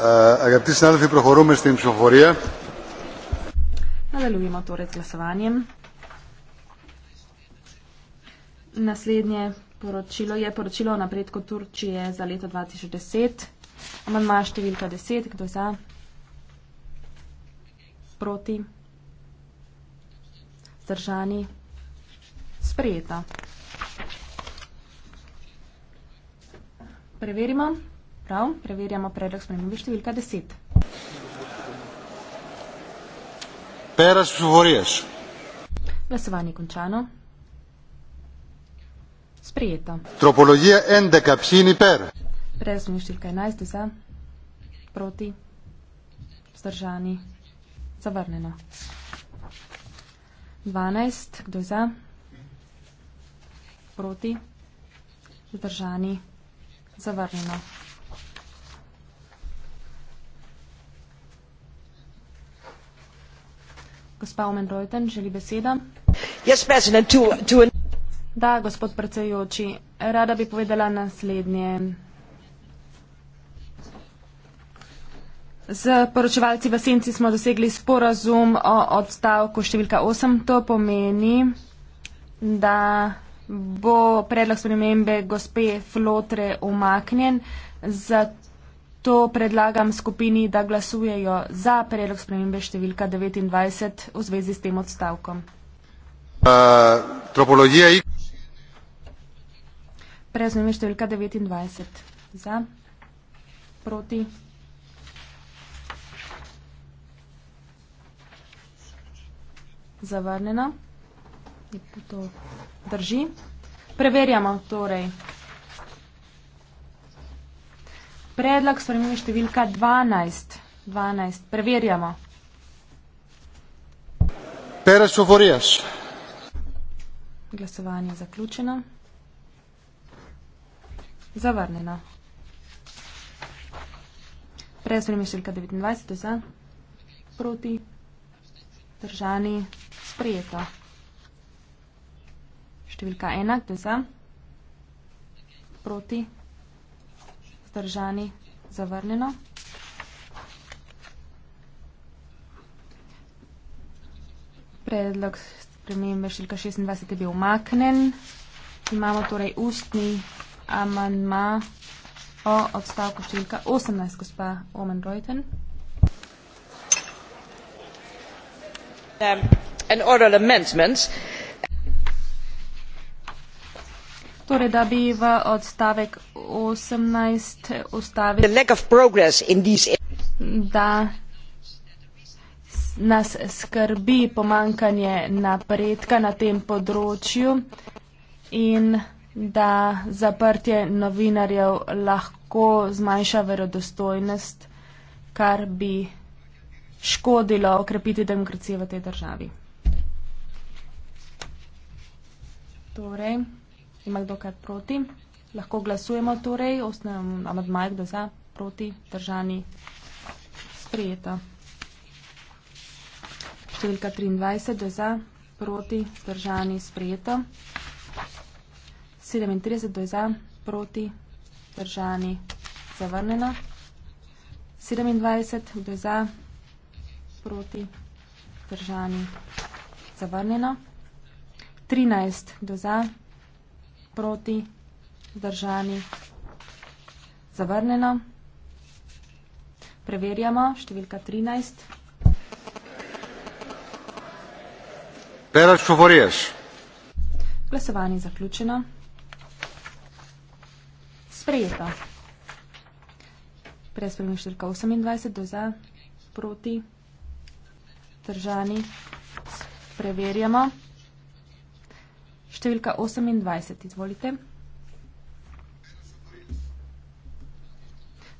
Αγαπητοί συνάδελφοι, προχωρούμε στην ψηφοφορία. Nadaljujemo torej z glasovanjem. Naslednje poročilo je poročilo o napredku Turčije za leto 2010. Amandma številka 10. Kdo je za? Proti? Zdržani? Sprejeta. Preverimo. Prav, preverjamo predlog spremembe številka deset. Peraš Fivorijaš. Glasovanje končano. Sprejeto. Tropologija NDK Psini Per. Predlog spremembe številka enajst za. Proti. Vzdržani. Zavrnjeno. Dvanajst. Kdo je za? Proti. Vzdržani. Zavrnjeno. Gospa Omendojten, želi beseda? Yes, to, to an... Da, gospod predsedujoči, rada bi povedala naslednje. Z poročevalci v Senci smo dosegli sporazum o odstavku številka 8. To pomeni, da bo predlog spremembe gospe Flotre umaknjen, zato To predlagam skupini, da glasujejo za predlog spremembe številka 29 v zvezi s tem odstavkom. Uh, Preznujem številka 29. Za. Proti. Zavrnjeno. Je to drži. Preverjamo torej. Predlog spremembe številka 12. 12. Preverjamo. Perez Ovorijaš. Glasovanje zaključeno. Zavrnjeno. Predlog spremembe številka 29. Za. Proti. Držani. Sprijeto. Številka 1. Za. Proti vzdržani zavrnjeno. Predlog spremembe številka 26 je bil umaknen. Imamo torej ustni amandma o odstavku številka 18, gospa Omen Reuten. Um, an oral amendment. Torej, da bi v odstavek 18 ustavili, da nas skrbi pomankanje napredka na tem področju in da zaprtje novinarjev lahko zmanjša verodostojnost, kar bi škodilo okrepiti demokracijo v tej državi. Torej. Ima kdo kaj proti? Lahko glasujemo torej, osnovam amadmaj, kdo za, proti, držani, sprijeta. Številka 23, kdo za, proti, držani, sprijeta. 37, kdo za, proti, držani, zavrnjena. 27, kdo za, proti, držani, zavrnjena. 13, kdo za, proti, držani, zavrnjena proti, zdržani, zavrnjeno. Preverjamo, številka 13. Perač Favorijaš. Glasovanje zaključeno. Sprejeto. Prespremljeno številka 28, do za, proti, zdržani, preverjamo številka 28. Izvolite.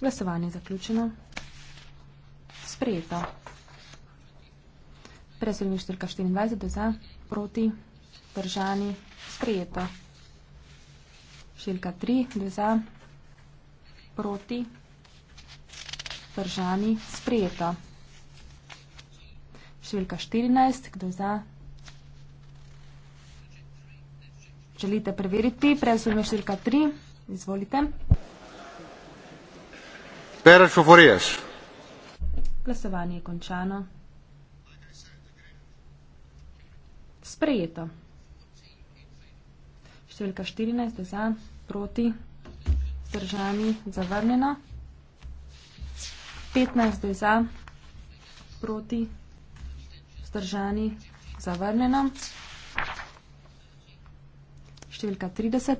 Glasovanje je zaključeno. Sprejeto. Presodim številka 24, da za, proti, držani, sprejeto. Številka 3, da za, proti, držani, sprejeto. Številka 14, kdo za, želite preveriti, presumi številka 3. Izvolite. Pereš Foforijas. Glasovanje je končano. Sprejeto. Številka 14 je za, proti, zdržani, zavrnjeno. 15 je za, proti, zdržani, zavrnjeno številka 30.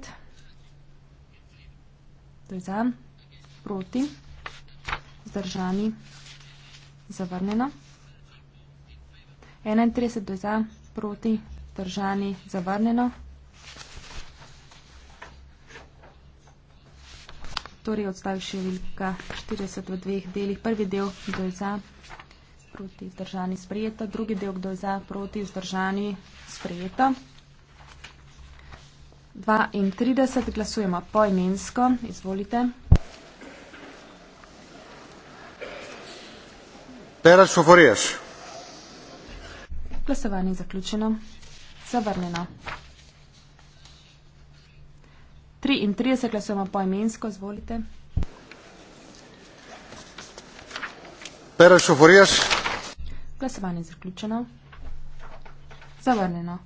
To je za, proti, zdržani, zavrnjeno. 31. To je za, proti, zdržani, zavrnjeno. Torej odstavi številka 40 v dveh delih. Prvi del, kdo je za, proti, zdržani, sprejeta. Drugi del, kdo je za, proti, zdržani, sprejeta dvaintrideset, glasujemo poimensko, izvolite. Glasovanje je zaključeno. Zavrnjeno. Triintrideset, glasujemo poimensko, izvolite. Glasovanje je zaključeno. Zavrnjeno.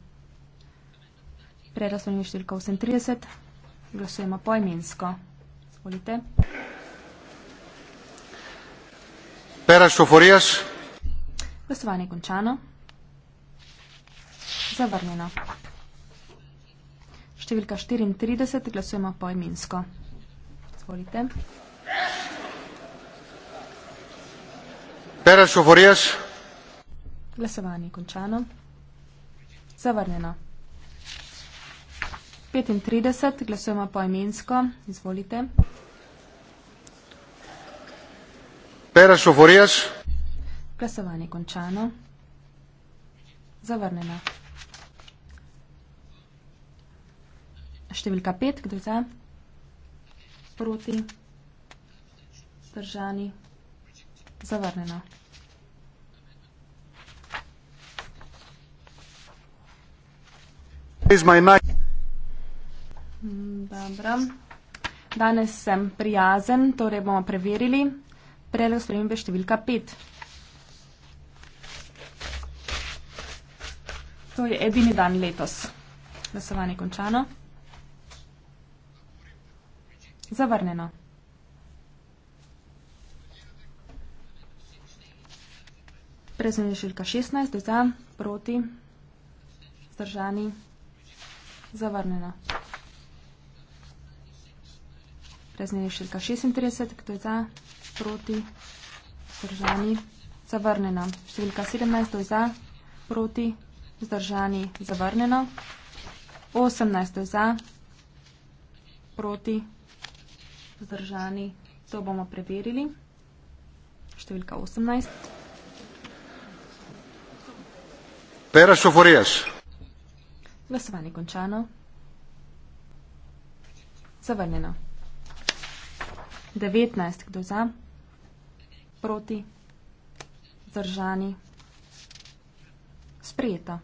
Preraslovnik številka 38. Glasujemo poimensko. Volite. Pera Šoforijaš. Glasovanje končano. Zavrnjeno. Številka 34. Glasujemo poimensko. Volite. Pera Šoforijaš. Glasovanje končano. Zavrnjeno. 35, glasujemo po imensko. Izvolite. Pera Šoforijaš. Glasovanje končano. Zavrnjeno. Številka 5, kdo je za? Proti. Zdržani. Zavrnjeno. Is my night. Dobro. Danes sem prijazen, torej bomo preverili. Predlog spremembe številka 5. To je edini dan letos. Glasovanje končano. Zavrnjeno. Preznanje šilka 16, za, proti, zdržani, zavrnjeno razdelje številka 36, kdo je za, proti, vzdržani, zavrnjeno. Številka 17, kdo je za, proti, vzdržani, zavrnjeno. 18, kdo je za, proti, vzdržani, to bomo preverili. Številka 18. Pera šoforijaš. Glasovanje končano. Zavrnjeno. 19, kdo za, proti, zdržani, sprejeta.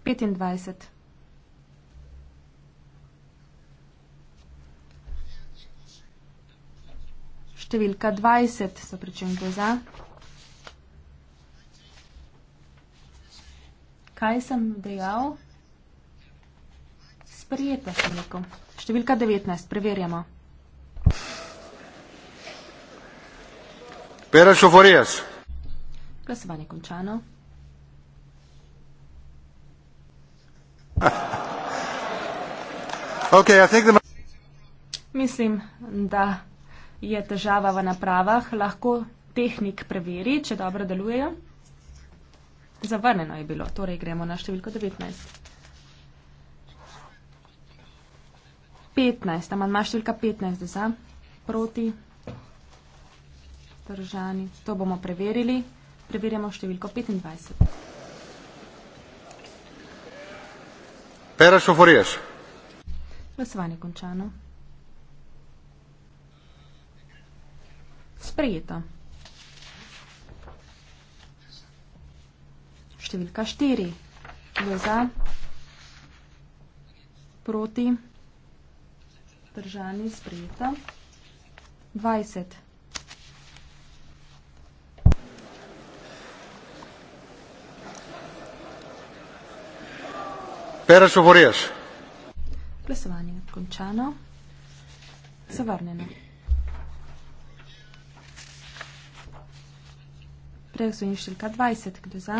25. Številka 20, so pričem, kdo za. Kaj sem dejal? Sprijeta sem rekel. Številka 19, preverjamo. Perašoforijas. Glasovanje končano. okay, the... Mislim, da je težava v napravah. Lahko tehnik preveri, če dobro delujejo. Zavrneno je bilo, torej gremo na številko 19. 15, amandma številka 15 za, proti vzdržani. To bomo preverili. Preverjamo številko 25. Peraš oforiješ. Glasovanje končano. Sprejeto. Številka 4. Kdo za? Proti? Držani sprejeta. 20. Pera Šovorijaš. Glasovanje je končano. Zavrnjeno. Preglasovanje številka 20. Kdo za?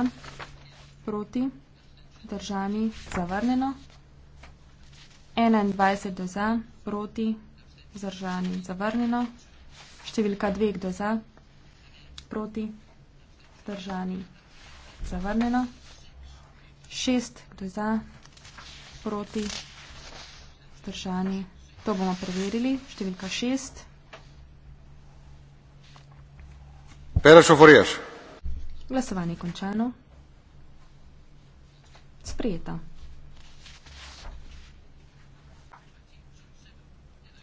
Proti. Držani. Zavrnjeno. 21. Kdo za? Proti. Zdržani. Zavrnjeno. Številka 2. Kdo za? Proti. Zdržani. Zavrnjeno. 6. Kdo za? Proti proti, vzdržani. To bomo preverili. Številka šest. Pera Šoforijaš. Glasovanje končano. Sprijeta.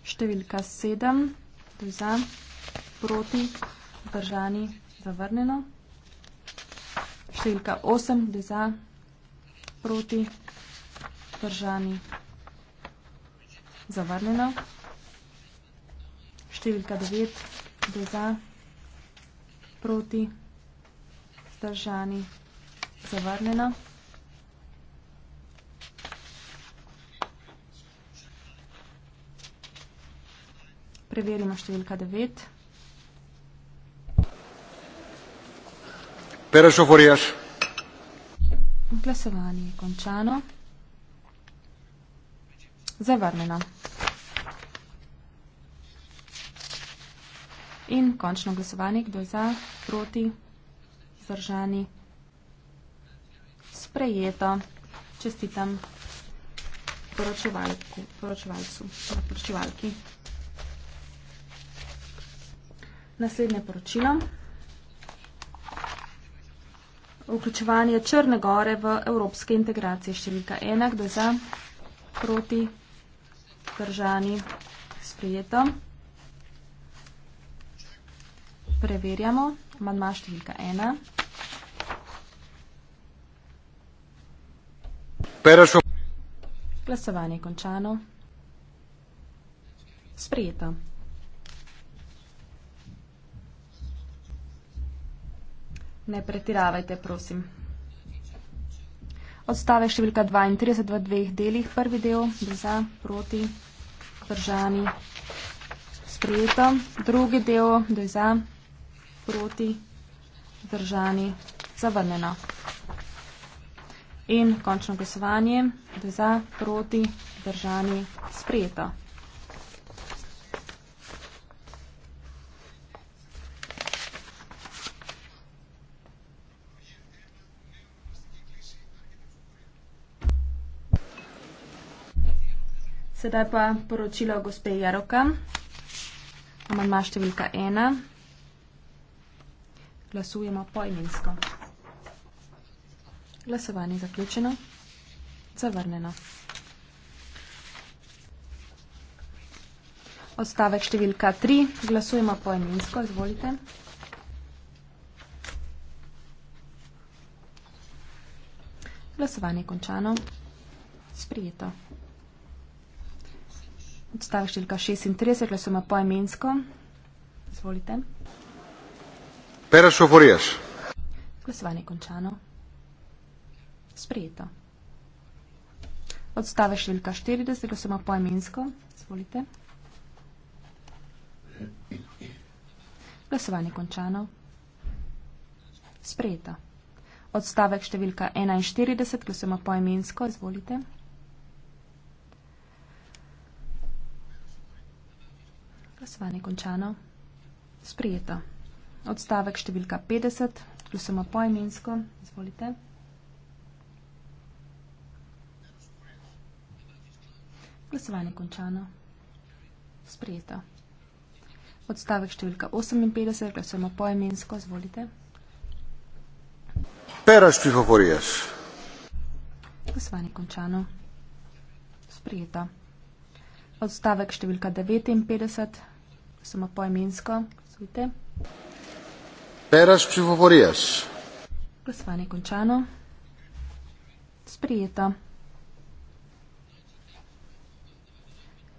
Številka sedem, tudi za, proti, vzdržani, zavrnjeno. Številka osem, tudi za, proti, vzdržani. Vzdržani. Zavrnjeno. Številka 9. Kdo za? Proti. Vzdržani. Zavrnjeno. Preverimo številka 9. Pera Šoforijaš. Glasovanje je končano zavrnjeno. In končno glasovanje, kdo je za, proti, zdržani, sprejeto. Čestitam poročevalcu, poročevalki. Naslednje poročilo. Vključevanje Črne gore v evropske integracije številka 1, kdo je za, proti, Vzdržani. Sprijeto. Preverjamo. Amandma številka ena. Perašo. Glasovanje končano. Sprijeto. Ne pretiravajte, prosim. Odstave številka 32 v dveh delih. Prvi del, za, proti vzdržani. Sprejeto. Drugi del, da je za, proti, vzdržani, zavrnjeno. In končno glasovanje, da je za, proti, vzdržani, sprejeto. Sedaj pa poročilo gospe Jaroka, amandma številka ena. Glasujemo poimensko. Glasovanje je zaključeno. Zavrnjeno. Odstavek številka 3. Glasujemo poimensko. Izvolite. Glasovanje je končano. Sprijeto odstavek številka 36, glasujemo po imensko. Izvolite. Perašo Forijaš. Glasovanje končano. Sprejeto. Odstavek številka 40, glasujemo po imensko. Izvolite. Glasovanje končano. Sprejeto. Odstavek številka 41, glasujemo po imensko. Izvolite. glasovanje končano. Sprijeto. Odstavek številka 50, plusoma poimensko. Izvolite. Glasovanje končano. Sprijeto. Odstavek številka 58, glasujemo poimensko, izvolite. Peraš pihoforijas. Glasovanje končano. Sprijeto. Odstavek številka 59, soma poimensko. Izvolite. Peraš Čivovorijaš. Glasovanje je končano. Sprijeto.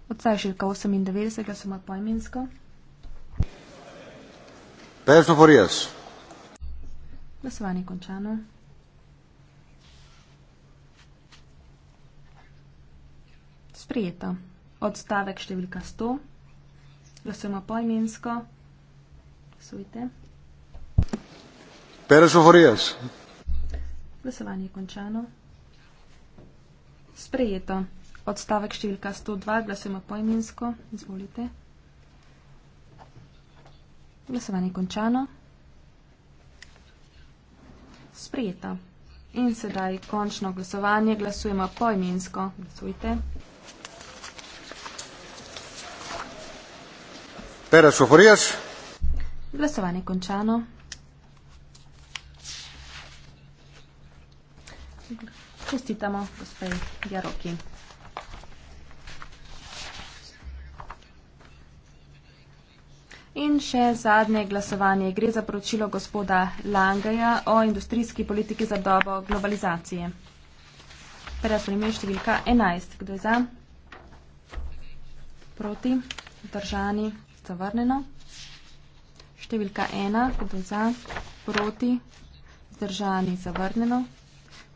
Odsaj šilka 98, glasoma poimensko. Peraš Čivovorijaš. Glasovanje je končano. Sprijeto. Odstavek številka 100. Glasujemo poimensko. Glasujte. Perez Ohorijas. Glasovanje je končano. Sprejeto. Odstavek številka 102. Glasujemo poimensko. Izvolite. Glasovanje je končano. Sprejeto. In sedaj končno glasovanje. Glasujemo poimensko. Glasujte. Pera Soforias. Glasovanje končano. Čestitamo gospej Jaroki. In še zadnje glasovanje. Gre za poročilo gospoda Langeja o industrijski politiki za dobo globalizacije. Prej smo imeli številka 11. Kdo je za? Proti? Držani? zavrnjeno. Številka 1, kdo za, proti, zdržani, zavrnjeno.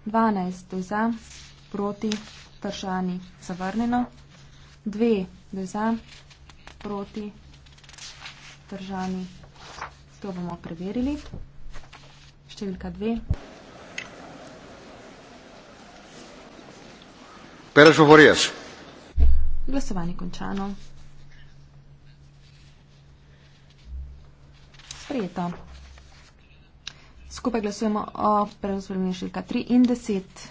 12, kdo za, proti, zdržani, zavrnjeno. 2, kdo za, proti, zdržani, to bomo preverili. Številka 2. Pera Žuhorijas. Glasovanje končano. leta. Skupaj glasujemo o preuzvoljenju številka 3 in 10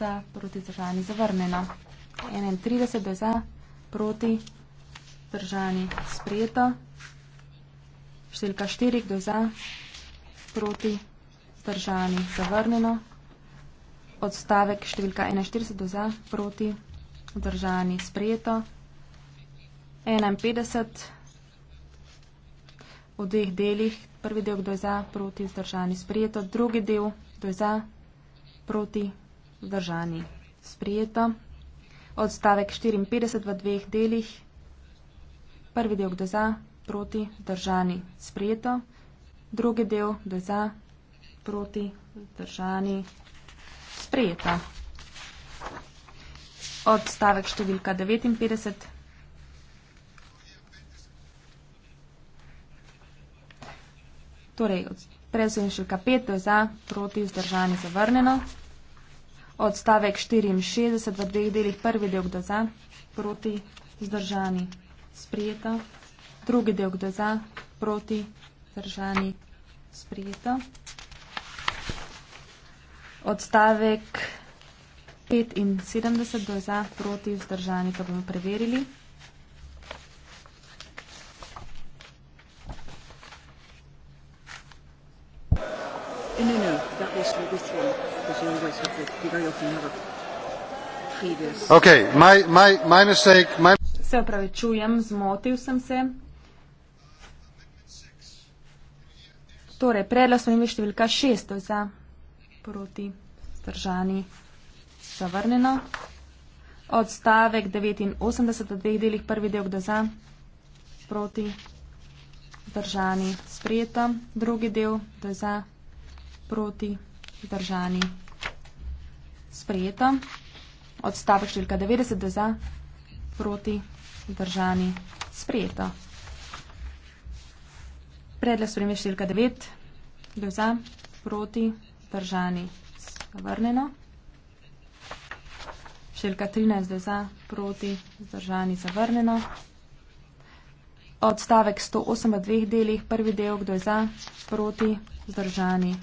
za proti državni zavrnjena. 31 je za proti državni sprejeto. Številka 4 je za proti državni zavrnjeno. Odstavek številka 41 je za proti državni sprejeto. 51 je za proti državni sprejeto v dveh delih. Prvi del, kdo je za, proti, vzdržani, sprijeto. Drugi del, kdo je za, proti, vzdržani, sprijeto. Odstavek 54 v dveh delih. Prvi del, kdo je za, proti, vzdržani, sprijeto. Drugi del, kdo je za, proti, vzdržani, sprijeto. Odstavek številka 59. Torej, predsedujem še kapet, to je za, proti, vzdržani, zavrnjeno. Odstavek 64 v dveh delih, prvi del, kdo za, proti, vzdržani, sprijeto. Drugi del, kdo za, proti, vzdržani, sprijeto. Odstavek 75 do za, proti, vzdržani, to bomo preverili. Okay, my, my, my mistake, my... Se opravičujem, zmotil sem se. Torej, predlog smo imeli številka 6 za proti zdržani zavrnjeno. Odstavek 89 v dveh delih, prvi del kdo za, proti zdržani sprejeta, drugi del kdo za, proti zdržani vzdržani. Sprejeto. Odstavek številka 90 za, proti, vzdržani. Sprejeto. Predlog spremembe številka 9 za, proti, vzdržani. Zavrnjeno. Številka 13 za, proti, vzdržani. Zavrnjeno. Odstavek 108 v dveh delih, prvi del, kdo je za, proti, vzdržani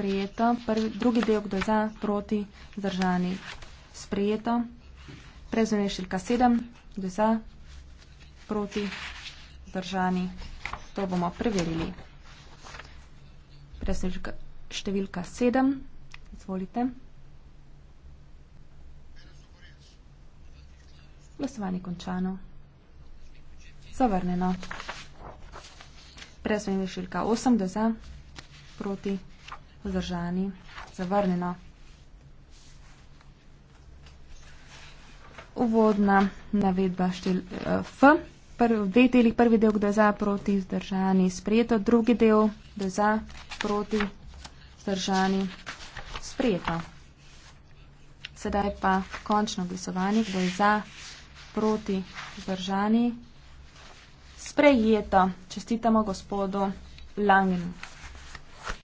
sprejeto. Prvi, drugi del, kdo je za, proti, zdržani. Sprejeto. Prezvene šilka 7, kdo je za, proti, zdržani. To bomo preverili. Prezvene številka 7, izvolite. Glasovanje končano. Zavrneno. Prezvene šilka 8, kdo je za, proti, zdržani. Vzdržani. Zavrnjeno. Uvodna navedba štel eh, F. Prv, dve deli, prvi del, kdo je za, proti, vzdržani, sprejeto. Drugi del, kdo je za, proti, vzdržani, sprejeto. Sedaj pa končno glasovanje, kdo je za, proti, vzdržani, sprejeto. Čestitamo gospodu Langenu.